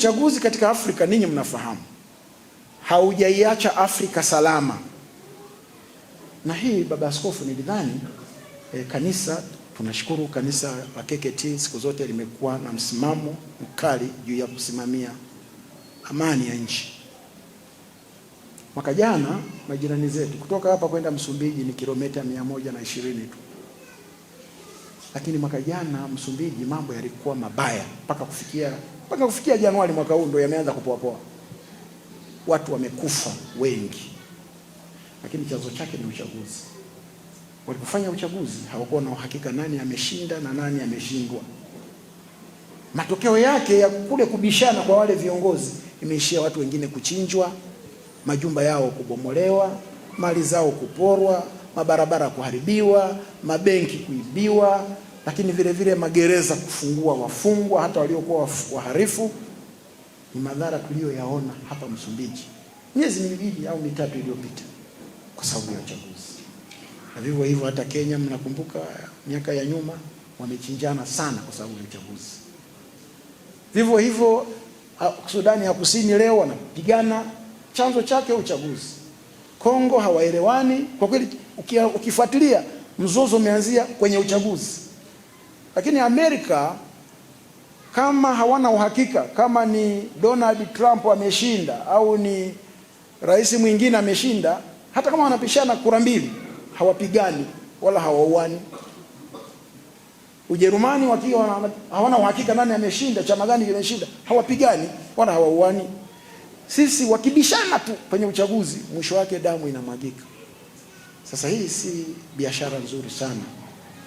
uchaguzi katika Afrika ninyi mnafahamu haujaiacha Afrika salama, na hii baba askofu nilidhani e, kanisa tunashukuru kanisa la KKT siku zote limekuwa na msimamo mkali juu ya kusimamia amani ya nchi. Mwaka jana majirani zetu kutoka hapa kwenda Msumbiji ni kilomita mia moja na ishirini tu. Lakini mwaka jana Msumbiji mambo yalikuwa mabaya mpaka kufikia mpaka kufikia Januari mwaka huu ndio yameanza kupoapoa, watu wamekufa wengi, lakini chanzo chake ni uchaguzi. Walipofanya uchaguzi hawakuwa na uhakika nani ameshinda na nani ameshindwa. Matokeo yake ya kule kubishana kwa wale viongozi imeishia watu wengine kuchinjwa, majumba yao kubomolewa, mali zao kuporwa, mabarabara kuharibiwa, mabenki kuibiwa lakini vile vile magereza kufungua wafungwa hata waliokuwa waharifu. Ni madhara tuliyoyaona hapa Msumbiji miezi miwili au mitatu iliyopita kwa sababu ya uchaguzi, na vivyo hivyo hata Kenya, mnakumbuka miaka ya nyuma wamechinjana sana kwa sababu ya uchaguzi. Vivyo hivyo Sudani ya Kusini leo wanapigana, chanzo chake uchaguzi. Kongo hawaelewani kwa kweli, ukifuatilia mzozo umeanzia kwenye uchaguzi. Lakini Amerika kama hawana uhakika kama ni Donald Trump ameshinda au ni rais mwingine ameshinda, hata kama wanapishana kura mbili, hawapigani wala hawauani. Ujerumani wakiwa hawana uhakika nani ameshinda, chama gani kimeshinda, hawapigani wala hawauani. Sisi wakibishana tu kwenye uchaguzi, mwisho wake damu inamwagika. Sasa hii si biashara nzuri sana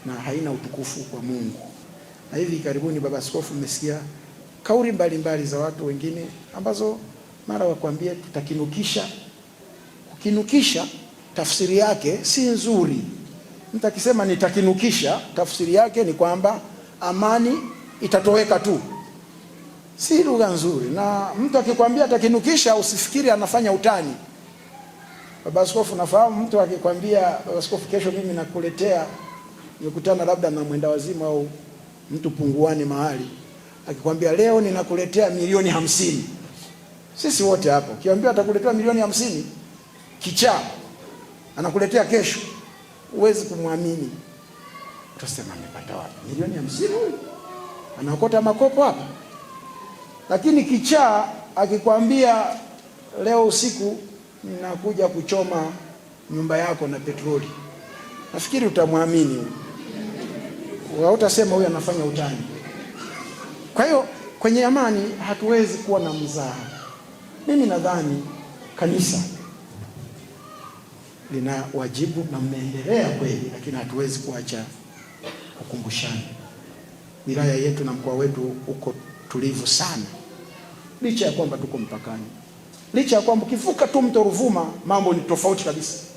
na haina utukufu kwa Mungu. Na hivi karibuni, baba askofu, mmesikia kauli mbalimbali za watu wengine ambazo mara wakwambie tutakinukisha. Kukinukisha tafsiri yake si nzuri. Mtu akisema nitakinukisha, tafsiri yake ni kwamba amani itatoweka tu, si lugha nzuri. Na mtu akikwambia atakinukisha, usifikiri anafanya utani. Baba askofu, nafahamu mtu akikwambia, baba askofu, kesho mimi nakuletea Nimekutana labda na mwenda wazimu au mtu punguani mahali, akikwambia leo ninakuletea milioni hamsini. Sisi wote hapo, kiambia atakuletea milioni hamsini, kichaa anakuletea kesho, huwezi kumwamini. Utasema amepata wapi milioni hamsini? anaokota makopo hapa. Lakini kichaa akikwambia leo usiku ninakuja kuchoma nyumba yako na petroli, nafikiri utamwamini hautasema huyu anafanya utani. Kwa hiyo kwenye amani hatuwezi kuwa na mzaha. Mimi nadhani kanisa lina wajibu na mmeendelea kweli, lakini hatuwezi kuacha kukumbushana. Wilaya yetu na mkoa wetu uko tulivu sana, licha ya kwamba tuko mpakani, licha ya kwamba ukivuka tu mto Ruvuma mambo ni tofauti kabisa.